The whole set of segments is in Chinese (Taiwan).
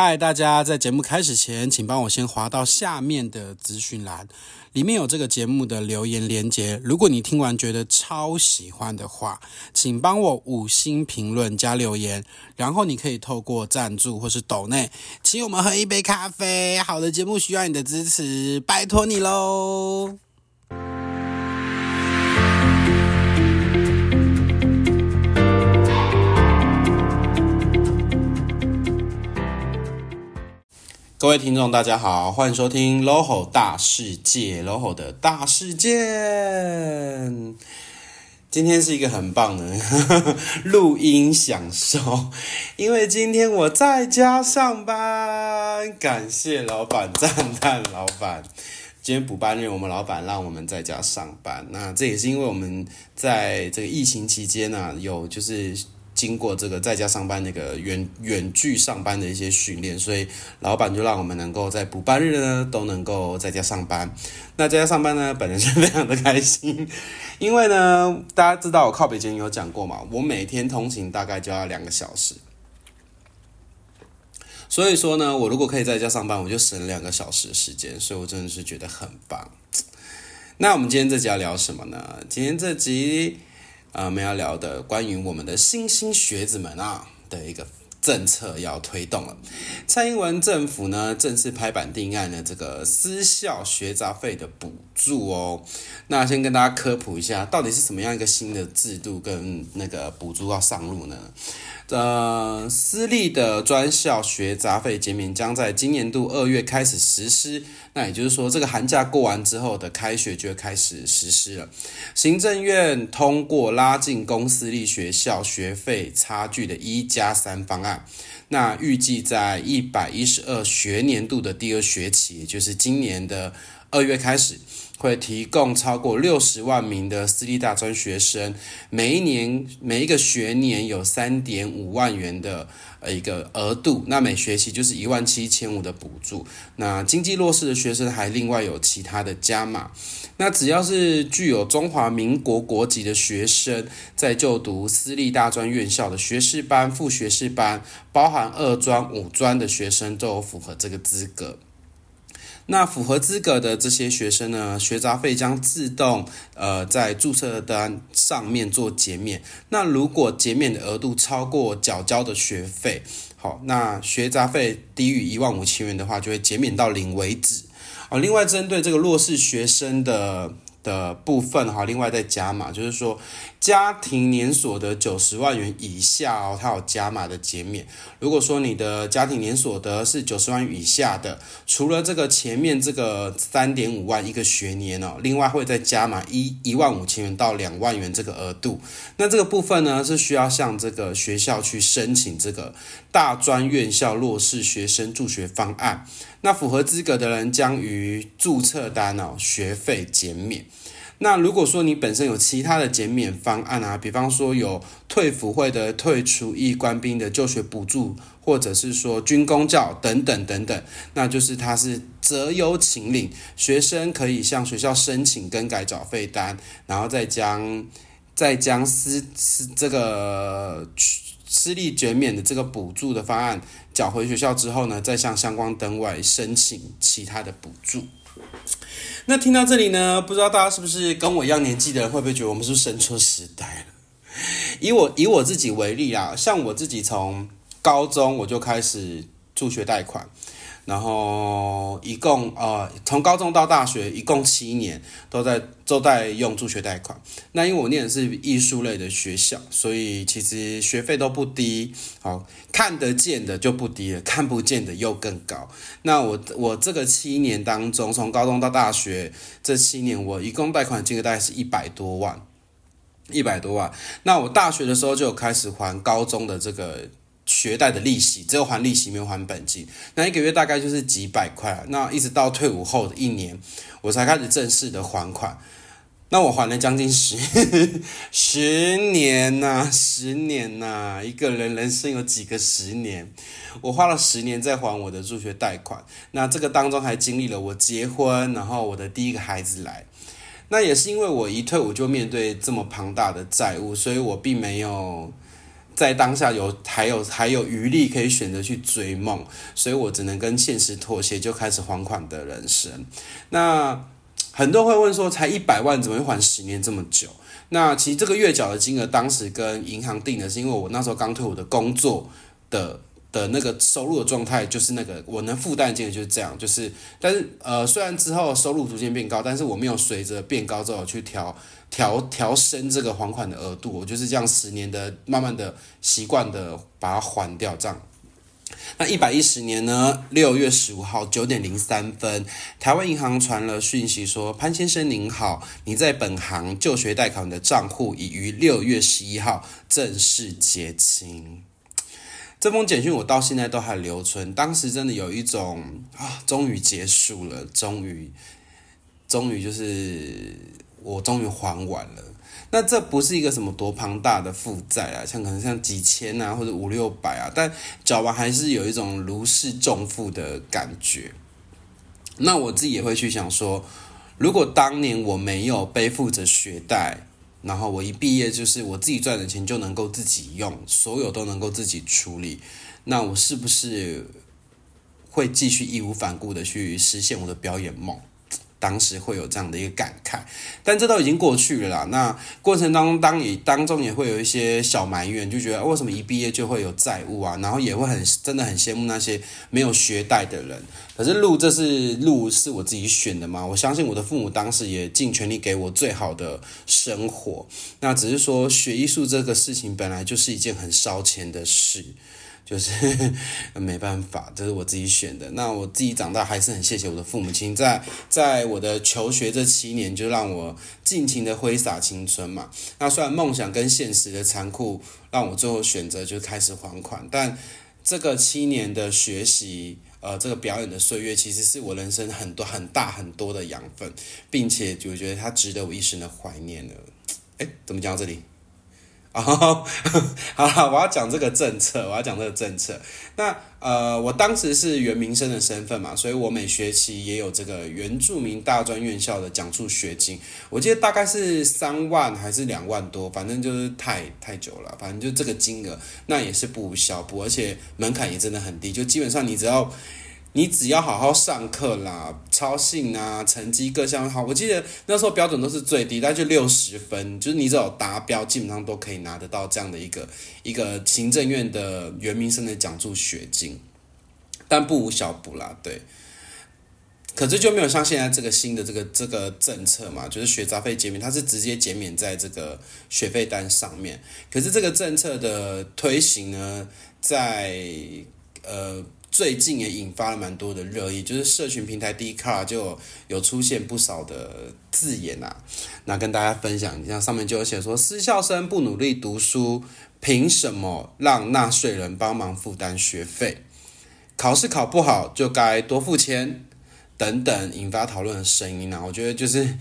嗨，Hi, 大家在節目開始前，請幫我先滑到下面的資訊欄，裡面有這個節目的留言鏈接。如果你聽完覺得超喜歡的話，請幫我五星評論加留言，然後你可以透過贊助或是抖內請我們喝一杯咖啡。好的節目需要你的支持，拜托你嘍。各位聽眾，大家好，歡迎收聽《LoHo 大世界》，LoHo 的大事件。今天是一個很棒的錄音享受，因為今天我在家上班，感謝老闆讚嘆老闆。今天補班日，我們老闆讓我們在家上班。那這也是因為我們在這個疫情期間呢、啊，有就是。經過這個在家上班那個遠遠距上班的一些訓練，所以老板就讓我們能夠在補班日呢都能夠在家上班。那在家上班呢，本人是非常的開心，因為呢大家知道我靠北京有講過嘛，我每天通勤大概就要兩個小時，所以說呢，我如果可以在家上班，我就省兩個小時的時間，所以我真的是覺得很棒。那我們今天這集要聊什麼呢？今天這集。啊，我們、呃、要聊的關於我們的莘莘學子們啊的一個政策要推動了。蔡英文政府呢正式拍板定案了這個私校學雜費的補助哦。那先跟大家科普一下，到底是什麼樣一個新的制度跟那個補助要上路呢？呃，私立的專校學雜費減免將在今年度二月開始實施。那也就是說，這個寒假過完之後的開學就開始實施了。行政院通過拉近公私立學校學費差距的“一加三”方案，那預計在一百一十二學年度的第二學期，也就是今年的二月開始。會提供超過六十萬名的私立大專學生，每一年，每一個學年有三點五萬元的呃一個額度，那每學期就是一萬七千五的補助。那經濟弱勢的學生還另外有其他的加碼。那只要是具有中華民國國籍的學生，在就讀私立大專院校的學士班、副學士班，包含二專、五專的學生，都有符合這個資格。那符合資格的這些學生呢，學雜費將自動呃在註冊單上面做減免。那如果減免的額度超過繳交的學費，好，那學雜費低於一萬五千元的話，就會減免到零為止。好，另外針對這個弱勢學生的的部分哈，另外再加碼，就是說。家庭年所得九十萬元以下哦，它有加碼的減免。如果說你的家庭年所得是九十萬元以下的，除了這個前面這個三點五萬一個學年哦，另外會再加碼一一萬五千元到兩萬元這個額度。那這個部分呢，是需要向這個學校去申請這個大專院校弱勢學生助學方案。那符合資格的人將於註冊單哦，學費減免。那如果說你本身有其他的減免方案啊，比方說有退輔會的退除役官兵的就學補助，或者是說軍公教等等等等，那就是它是擇優請領，學生可以向學校申請更改繳費單，然後再將再將私私這個私立減免的這個補助的方案繳回學校之後呢，再向相關單位申請其他的補助。那聽到這裡呢，不知道大家是不是跟我一樣年紀的人，會不會覺得我們是不是生錯時代了？以我以我自己為例啊，像我自己從高中我就開始助學貸款。然後一共呃，從高中到大學一共七年都在都在用助學貸款。那因為我念的是藝術類的學校，所以其實學費都不低。好、哦，看得見的就不低了，看不見的又更高。那我我這個七年當中，從高中到大學這七年，我一共貸款金額大概是一百多萬，一百多萬。那我大學的時候就開始還高中的這個。學貸的利息，只有還利息，沒有還本金。那一個月大概就是幾百塊。那一直到退伍後的一年，我才開始正式的還款。那我還了將近十 十年吶、啊，十年吶、啊！一個人人生有幾個十年？我花了十年在還我的助學貸款。那這個當中還經歷了我結婚，然後我的第一個孩子來。那也是因為我一退伍就面對這麼龐大的債務，所以我並沒有。在當下有還有還有餘力可以選擇去追夢，所以我只能跟現實妥協，就開始還款的人生。那很多人會問說，才一百萬怎麼會還十年這麼久？那其實這個月繳的金額當時跟銀行定的是，因為我那時候剛退我的工作的的那個收入的狀態就是那個我能負擔的金額就是這樣，就是但是呃雖然之後收入逐漸變高，但是我沒有隨着變高之後去調。調調升這個還款的額度，我就是這樣十年的慢慢的習慣的把它還掉這樣，那一百一十年呢？六月十五號九點零三分，台灣銀行傳了訊息說：“潘先生您好，你在本行就學貸款的賬戶已於六月十一號正式結清。”這封簡訊我到現在都還留存，當時真的有一種啊，終於結束了，終於，終於就是。我終於還完了，那這不是一個什麼多龐大的負債啊，像可能像幾千啊，或者五六百啊，但繳完還是有一種如釋重負的感覺。那我自己也會去想說，如果當年我沒有背負着學貸，然後我一畢業就是我自己賺的錢就能夠自己用，所有都能夠自己處理，那我是不是會繼續義無反顧的去實現我的表演夢？當時會有這樣的一個感慨，但這都已經過去了啦。那過程當中，當你當中也會有一些小埋怨，就覺得，哦，為什麼一畢業就會有債務啊？然後也會很真的很羨慕那些沒有學貸的人。可是路，這是，路是我自己選的嘛？我相信我的父母當時也盡全力給我最好的生活。那只是說學藝術這個事情本來就是一件很燒錢的事。就是呵呵，沒辦法，這、就是我自己選的。那我自己長大還是很謝謝我的父母親，在在我的求學這七年，就讓我盡情的揮灑青春嘛。那雖然夢想跟現實的殘酷，讓我最後選擇就開始還款，但這個七年的學習，呃，這個表演的歲月，其實是我人生很多很大很多的養分，並且我覺得它值得我一生的懷念了哎、欸，怎麼講到這裡？好 好，我要講這個政策，我要講這個政策。那呃，我當時是原民生的身份嘛，所以我每學期也有這個原住民大專院校的獎助學金，我記得大概是三萬還是兩萬多，反正就是太太久了，反正就這個金額，那也是不小，不而且門檻也真的很低，就基本上你只要你只要好好上課啦，操性啊，成績各項好，我記得那時候標準都是最低，那就六十分，就是你只有達標，基本上都可以拿得到這樣的一個一個行政院的原民生的獎助學金，但不無小補啦，對。可是就沒有像現在這個新的這個這個政策嘛，就是學雜費減免，它是直接減免在這個學費單上面。可是這個政策的推行呢，在呃。最近也引發了蠻多的熱議，就是社群平台 Dcard 就有，有出現不少的字眼吶、啊。那跟大家分享一下，像上面就有寫說私校生不努力讀書，憑什麼讓納稅人幫忙負擔學費？考試考不好就該多付錢等等，引發討論的聲音吶、啊。我覺得就是，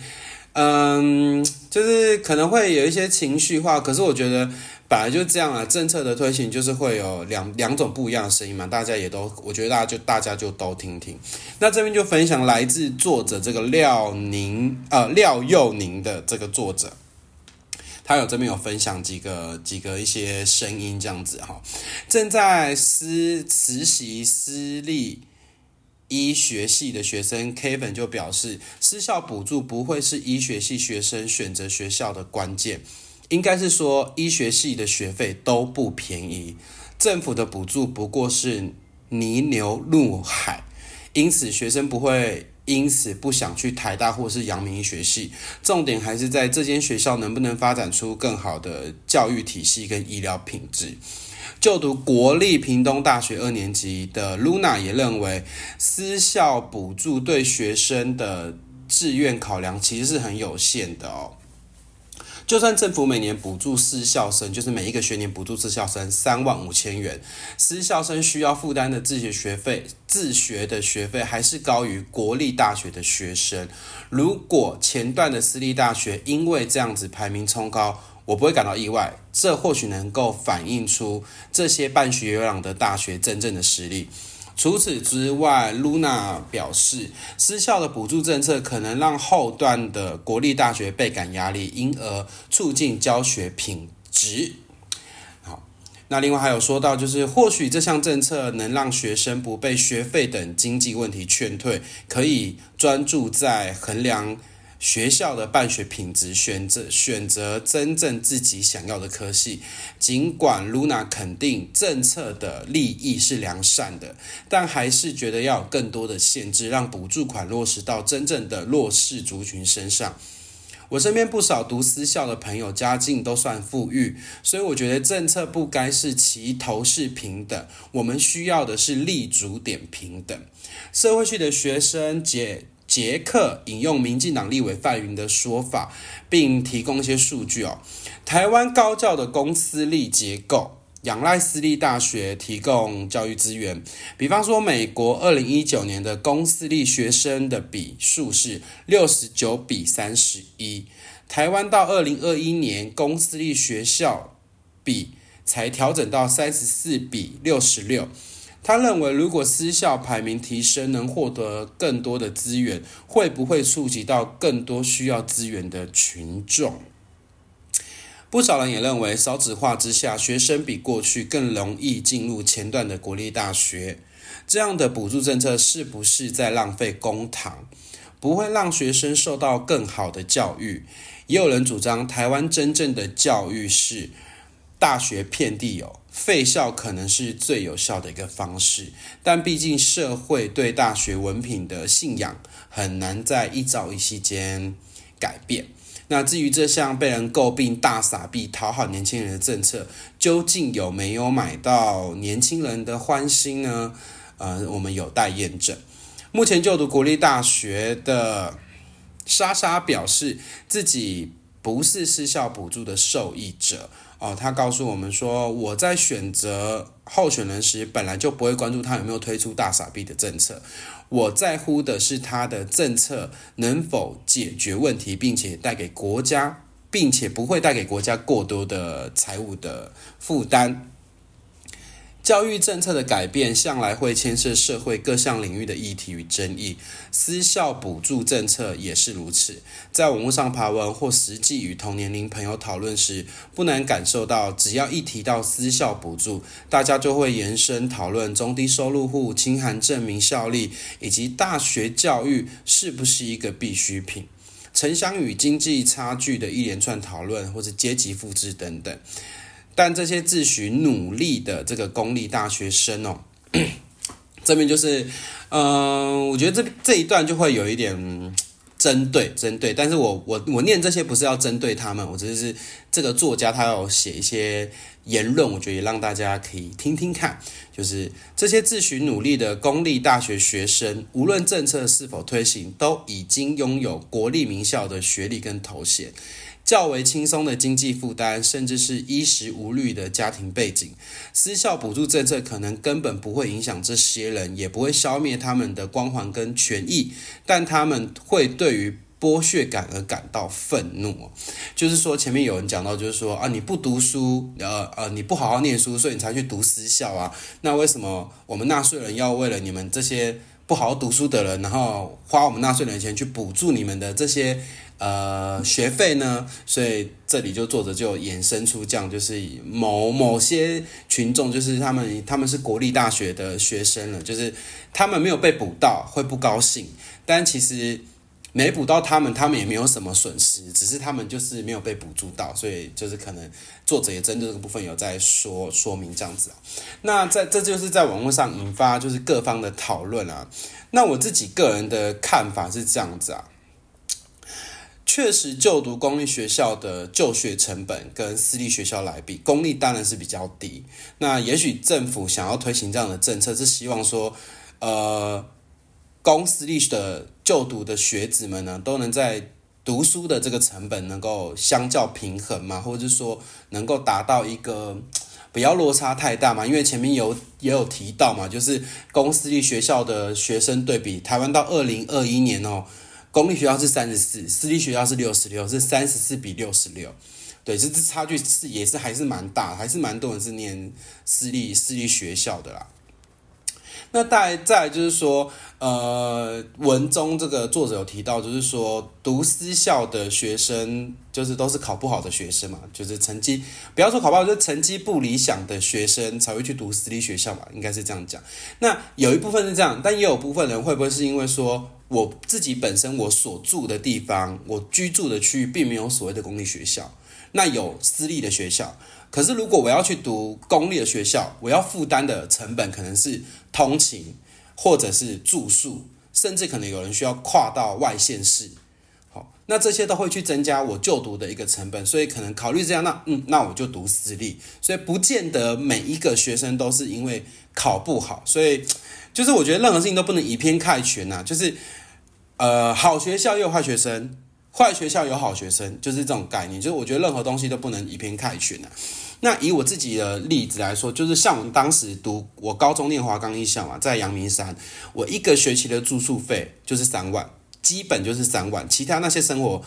嗯，就是可能會有一些情緒化，可是我覺得。本來就這樣啊，政策的推行就是會有兩兩種不一樣的聲音嘛，大家也都，我覺得大家就大家就都聽聽。那這邊就分享來自作者這個廖寧，呃，廖佑寧的這個作者，他有這邊有分享幾個幾個一些聲音這樣子哈。正在私實習私立醫學系的學生 Kevin 就表示，私校補助不會是醫學系學生選擇學校的關鍵。應該是說，醫學系的學費都不便宜，政府的補助不過是泥牛入海，因此學生不會因此不想去台大或是陽明醫學系。重點還是在這間學校能不能發展出更好的教育體系跟醫療品質。就讀國立屏東大學二年級的 Luna 也認為，私校補助對學生的志願考量其實是很有限的哦。就算政府每年補助私校生，就是每一個學年補助私校生三萬五千元，私校生需要負擔的自學學費、自學的學費還是高於國立大學的學生。如果前段的私立大學因為這樣子排名衝高，我不會感到意外。這或許能夠反映出這些辦學優良的大學真正的實力。除此之外，露娜表示，私校的補助政策可能讓後段的國立大學倍感壓力，因而促進教學品質。好，那另外還有說到，就是或許這項政策能讓學生不被學費等經濟問題勸退，可以專注在衡量，學校的辦學品質，選擇選擇真正自己想要的科系。儘管 Luna 肯定政策的利益是良善的，但還是覺得要有更多的限制，讓補助款落實到真正的弱勢族群身上。我身邊不少讀私校的朋友，家境都算富裕，所以我覺得政策不該是齊頭式平等，我們需要的是立足點平等。社會系的學生解捷克引用民進黨立委范雲的說法，並提供一些數據哦。台灣高教的公私立結構仰賴私立大學提供教育資源，比方說美國二零一九年的公私立學生的比數是六十九比三十一，台灣到二零二一年公私立學校比才調整到三十四比六十六。他認為，如果私校排名提升，能獲得更多的資源，會不會觸及到更多需要資源的群眾？不少人也認為，少子化之下，學生比過去更容易進入前段的國立大學。這樣的補助政策是不是在浪費公帑？不會讓學生受到更好的教育？也有人主張，台灣真正的教育是大學遍地有。廢校可能是最有效的一個方式，但畢竟社會對大學文憑的信仰很難在一朝一夕間改變。那至於這項被人詬病“大撒幣”討好年輕人的政策，究竟有沒有買到年輕人的歡心呢？呃，我們有待驗證。目前就讀國立大學的莎莎表示，自己不是私校補助的受益者。哦，他告訴我們說，我在選擇候選人時，本來就不會關注他有沒有推出大撒幣的政策。我在乎的是他的政策能否解決問題，並且帶給國家，並且不會帶給國家過多的財務的負擔。教育政策的改變向來會牽涉社會各項領域的議題與爭議，私校補助政策也是如此。在網絡上爬文或實際與同年齡朋友討論時，不難感受到，只要一提到私校補助，大家就會延伸討論中低收入戶、清寒證明效力，以及大學教育是不是一個必需品、城鄉與經濟差距的一連串討論，或者階級複製等等。但這些自詡努力的這個公立大學生哦、喔，這邊就是，嗯，我覺得這這一段就會有一點針對，針對。但是我我我念這些不是要針對他們，我只是這個作家他要寫一些言論，我覺得讓大家可以聽聽看，就是這些自詡努力的公立大學學生，無論政策是否推行，都已經擁有國立名校的學歷跟頭銜，較為輕鬆的經濟負擔，甚至是衣食無慮的家庭背景，私校補助政策可能根本不會影響這些人，也不會消滅他們的光環跟權益，但他們會對於剝削感而感到憤怒。就是說，前面有人講到，就是說啊，你不讀書，呃呃，你不好好念書，所以你才去讀私校啊，那為什麼我們納稅人要為了你們這些？不好好讀書的人，然後花我們納稅人的錢去補助你們的這些呃學費呢？所以這裡就作者就衍生出這樣，就是某某些群眾，就是他們他們是國立大學的學生了，就是他們沒有被補到，會不高興，但其實。沒補到他們，他們也沒有什麼損失，只是他們就是沒有被補助到，所以就是可能作者也針對這個部分有在說說明這樣子啊。那在這就是在網絡上引發就是各方的討論啊。那我自己個人的看法是這樣子啊，確實就讀公立學校的就學成本跟私立學校來比，公立當然是比較低。那也許政府想要推行這樣的政策，是希望說，呃。公私立的就讀的學子們呢，都能在讀書的這個成本能夠相較平衡嘛，或者是說能夠達到一個不要落差太大嘛？因為前面有也有提到嘛，就是公私立學校的學生對比，台灣到二零二一年哦，公立學校是三十四，私立學校是六十六，是三十四比六十六，對，這這差距是也是還是蠻大，還是蠻多人是念私立私立學校的啦。那來再再就是說。呃，文中這個作者有提到，就是說，讀私校的學生，就是都是考不好的學生嘛，就是成績不要說考不好，就是、成績不理想的學生才會去讀私立學校嘛，應該是這樣講。那有一部分是這樣，但也有部分人會不會是因為說我自己本身我所住的地方，我居住的區域並沒有所謂的公立學校，那有私立的學校，可是如果我要去讀公立的學校，我要負擔的成本可能是通勤。或者是住宿，甚至可能有人需要跨到外縣市。好，那這些都會去增加我就讀的一個成本，所以可能考慮這樣，那嗯，那我就讀私立。所以不見得每一個學生都是因為考不好，所以就是我覺得任何事情都不能以偏概全啊。就是呃，好學校有壞學生，壞學校有好學生，就是這種概念。就是我覺得任何東西都不能以偏概全啊。那以我自己的例子來說，就是像我們當時讀我高中念華岡藝校嘛，在陽明山，我一個學期的住宿費就是三萬，基本就是三萬，其他那些生活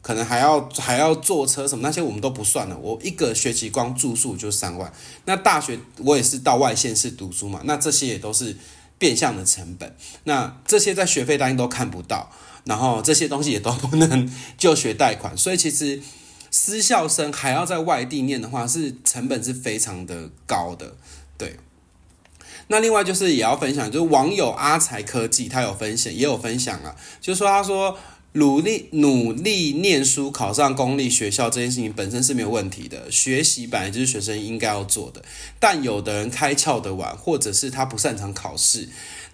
可能還要還要坐車什麼那些我們都不算了，我一個學期光住宿就三萬。那大學我也是到外縣市讀書嘛，那這些也都是變相的成本，那這些在學費單都看不到，然後這些東西也都不能就學貸款，所以其實。私校生還要在外地念的話，是成本是非常的高的。對，那另外就是也要分享，就是網友阿財科技他有分享，也有分享啊，就是說他說努力努力念書，考上公立學校這件事情本身是沒有問題的。學習本來就是學生應該要做的，但有的人開竅得晚，或者是他不擅長考試。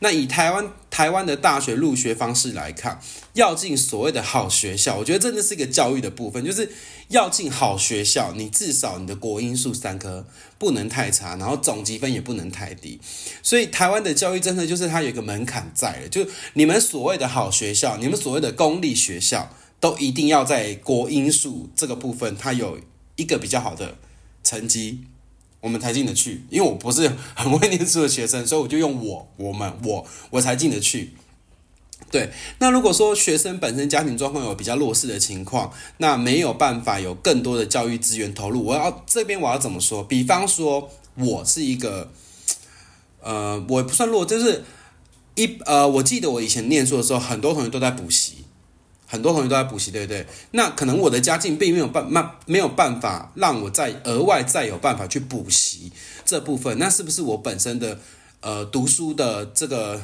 那以台灣台灣的大學入學方式來看，要進所謂的好學校，我覺得真的是一個教育的部分，就是。要進好學校，你至少你的國英數三科不能太差，然後總級分也不能太低。所以台灣的教育真的就是它有一個門檻在了，就你們所謂的好學校，你們所謂的公立學校，都一定要在國英數這個部分它有一個比較好的成績，我們才進得去。因為我不是很會念書的學生，所以我就用我、我們、我，我才進得去。對，那如果說學生本身家庭狀況有比較弱勢的情況，那沒有辦法有更多的教育資源投入。我要這邊我要怎麼說？比方說，我是一個，呃，我不算弱，就是一呃，我記得我以前念書的時候，很多同學都在補習，很多同學都在補習，對不對？那可能我的家境並沒有辦，沒沒有辦法讓我再額外再有辦法去補習這部分。那是不是我本身的呃讀書的這個？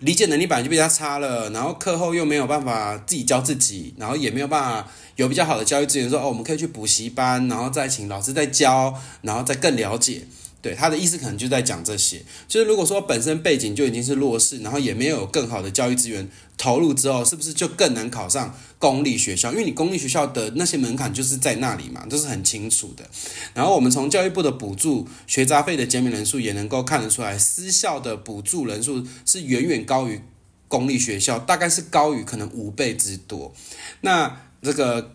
理解能力本來就比較差了，然後課後又沒有辦法自己教自己，然後也沒有辦法有比較好的教育資源，就是、說哦，我們可以去補習班，然後再請老師再教，然後再更了解。對，他的意思可能就在講這些，就是如果說本身背景就已經是弱勢，然後也沒有更好的教育資源投入之後，是不是就更難考上公立學校？因為你公立學校的那些門檻就是在那裡嘛，都、就是很清楚的。然後我們從教育部的補助學雜費的減免人數也能夠看得出來，私校的補助人數是遠遠高於公立學校，大概是高於可能五倍之多。那這個。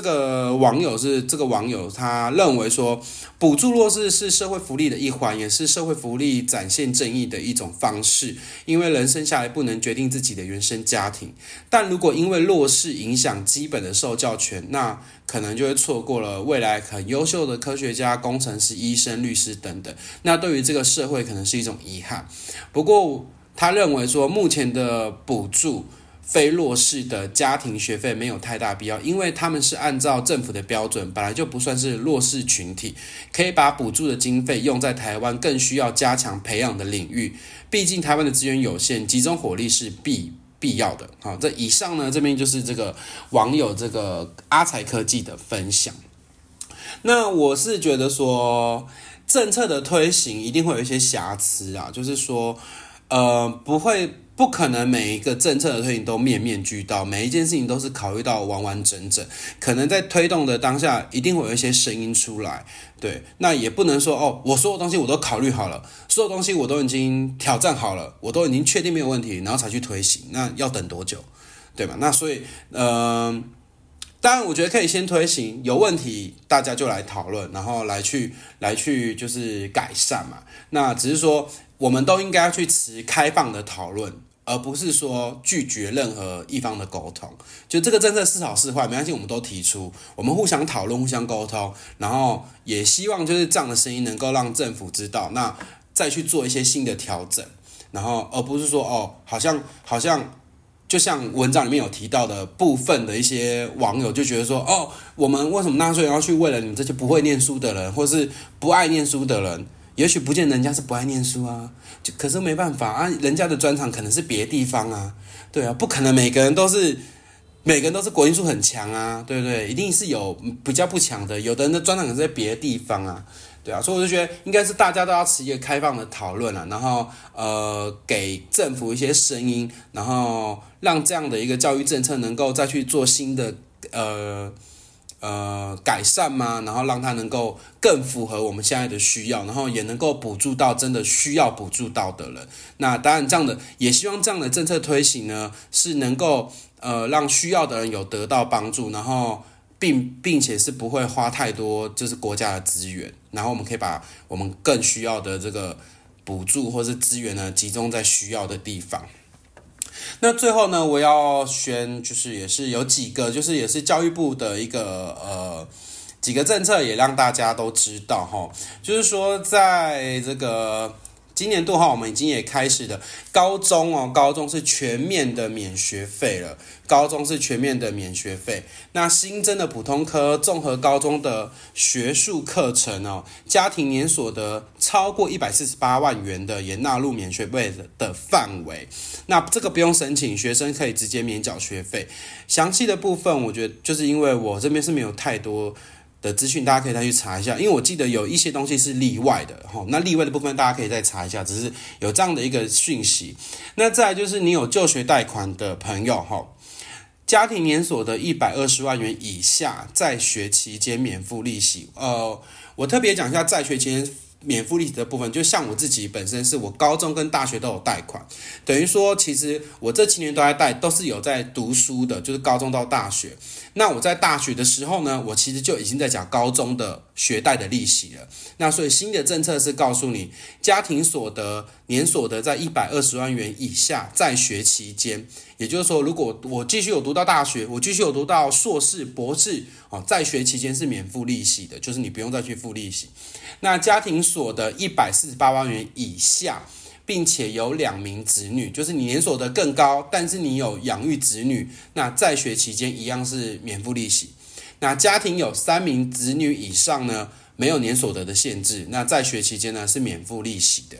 這個網友是這個網友，他認為說，補助弱勢是社會福利的一環，也是社會福利展現正義的一種方式。因為人生下來不能決定自己的原生家庭，但如果因為弱勢影響基本的受教權，那可能就會錯過了未來很優秀的科學家、工程師、醫生、律師等等。那對於這個社會可能是一種遺憾。不過他認為說，目前的補助。非弱勢的家庭學費沒有太大必要，因為他們是按照政府的標準，本來就不算是弱勢群體，可以把補助的經費用在台灣更需要加強培養的領域。畢竟台灣的資源有限，集中火力是必必要的。好，這以上呢，這邊就是這個網友這個阿財科技的分享。那我是覺得說，政策的推行一定會有一些瑕疵啊，就是說，呃，不會。不可能每一個政策的推行都面面俱到，每一件事情都是考慮到完完整整。可能在推動的當下，一定會有一些聲音出來。對，那也不能說哦，我所有東西我都考慮好了，所有東西我都已經挑戰好了，我都已經確定沒有問題，然後才去推行。那要等多久，對吧？那所以，嗯、呃，當然，我覺得可以先推行，有問題大家就來討論，然後來去來去就是改善嘛。那只是說，我們都應該要去持開放的討論。而不是說拒絕任何一方的溝通，就這個政策是好是壞沒關係，我們都提出，我們互相討論、互相溝通，然後也希望就是這樣的聲音能夠讓政府知道，那再去做一些新的調整，然後而不是說哦，好像好像就像文章裡面有提到的部分的一些網友就覺得說，哦，我們為什麼納稅人要去為了你們這些不會唸書的人，或是不愛唸書的人？也許不見人家是不愛念書啊，就可是沒辦法啊，人家的專長可能是別的地方啊，對啊，不可能每個人都是每個人都是國英數很強啊，對不對,對？一定是有比較不強的，有的人的專長可能是在別的地方啊，對啊，所以我就覺得應該是大家都要持一個開放的討論啊，然後呃給政府一些聲音，然後讓這樣的一個教育政策能夠再去做新的呃。呃，改善嘛，然後讓它能夠更符合我們現在的需要，然後也能夠補助到真的需要補助到的人。那當然，這樣的也希望這樣的政策推行呢，是能夠呃讓需要的人有得到幫助，然後並並且是不會花太多就是國家的資源。然後我們可以把我們更需要的這個補助或是資源呢，集中在需要的地方。那最後呢，我要宣，就是也是有幾個，就是也是教育部的一個呃幾個政策，也讓大家都知道哈，就是說在這個。今年度哈，我們已經也開始了高中哦，高中是全面的免學費了。高中是全面的免學費。那新增的普通科、綜合高中的學術課程哦，家庭年所得超過一百四十八萬元的，也納入免學費的範圍。那這個不用申請，學生可以直接免繳學費。詳細的部分，我覺得就是因為我這邊是沒有太多。的資訊，大家可以再去查一下，因為我記得有一些東西是例外的吼，那例外的部分，大家可以再查一下，只是有這樣的一個訊息。那再來就是，你有就學貸款的朋友吼，家庭年所得一百二十萬元以下，在學期間免付利息。呃，我特別講一下，在學期間。免付利息的部分，就像我自己本身是，我高中跟大學都有貸款，等於說其實我這七年都在貸，都是有在讀書的，就是高中到大學。那我在大學的時候呢，我其實就已經在講高中的，學貸的利息了，那所以新的政策是告訴你，家庭所得年所得在一百二十萬元以下，在學期間，也就是說，如果我繼續有讀到大學，我繼續有讀到碩士、博士啊，在學期間是免付利息的，就是你不用再去付利息。那家庭所得一百四十八萬元以下，並且有兩名子女，就是你年所得更高，但是你有養育子女，那在學期間一樣是免付利息。那家庭有三名子女以上呢，沒有年所得的限制。那在學期間呢，是免付利息的。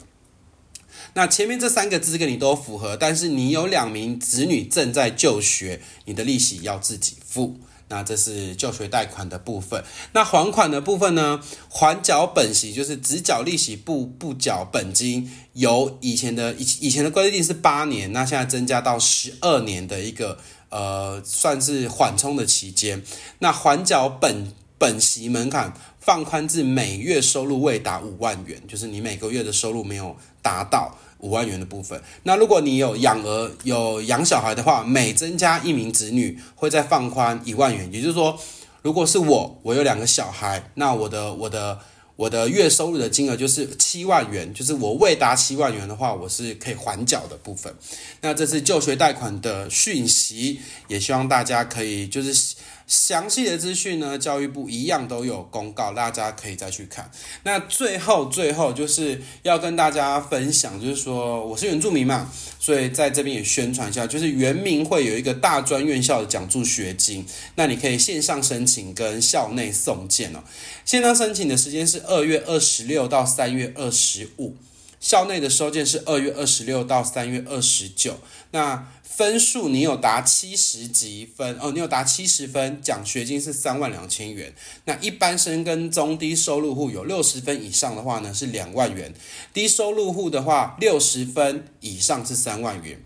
那前面這三個資格你都符合，但是你有兩名子女正在就學，你的利息要自己付。那這是就學貸款的部分，那還款的部分呢？還繳本息就是只繳利息不不繳本金，由以前的以以前的規定是八年，那現在增加到十二年的一個呃算是緩衝的期間。那還繳本本息門檻放寬至每月收入未達五萬元，就是你每個月的收入沒有達到。五萬元的部分，那如果你有養兒、有養小孩的話，每增加一名子女，會再放寬一萬元。也就是說，如果是我，我有兩個小孩，那我的、我的、我的月收入的金額就是七萬元。就是我未達七萬元的話，我是可以緩繳的部分。那這次就學貸款的訊息，也希望大家可以就是。詳細的資訊呢，教育部一樣都有公告，大家可以再去看。那最後最後就是要跟大家分享，就是說我是原住民嘛，所以在這邊也宣傳一下，就是原民會有一個大專院校的獎助學金，那你可以線上申請跟校內送件哦。線上申請的時間是二月二十六到三月二十五。校內的收件是二月二十六到三月二十九。那分數你有達七十幾分哦，你有達七十分，獎學金是三萬兩千元。那一般生跟中低收入戶有六十分以上的話呢，是兩萬元；低收入戶的話，六十分以上是三萬元。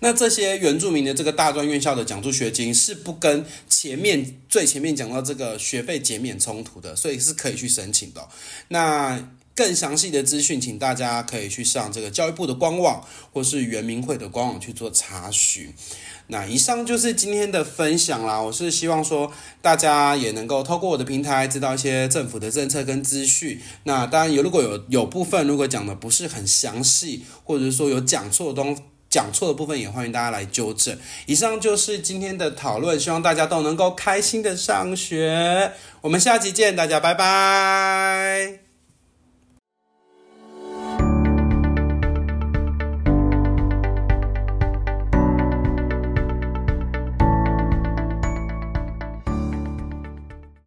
那這些原住民的這個大專院校的獎助學金是不跟前面最前面講到這個學費減免衝突的，所以是可以去申請的哦。那。更詳細的資訊，請大家可以去上這個教育部的官網，或是原民會的官網去做查詢。那以上就是今天的分享啦。我是希望說，大家也能夠透過我的平台知道一些政府的政策跟資訊。那當然有，如果有有部分如果講的不是很詳細，或者是說有講錯的東講錯的部分，也歡迎大家來糾正。以上就是今天的討論，希望大家都能夠開心的上學。我們下期見，大家拜拜。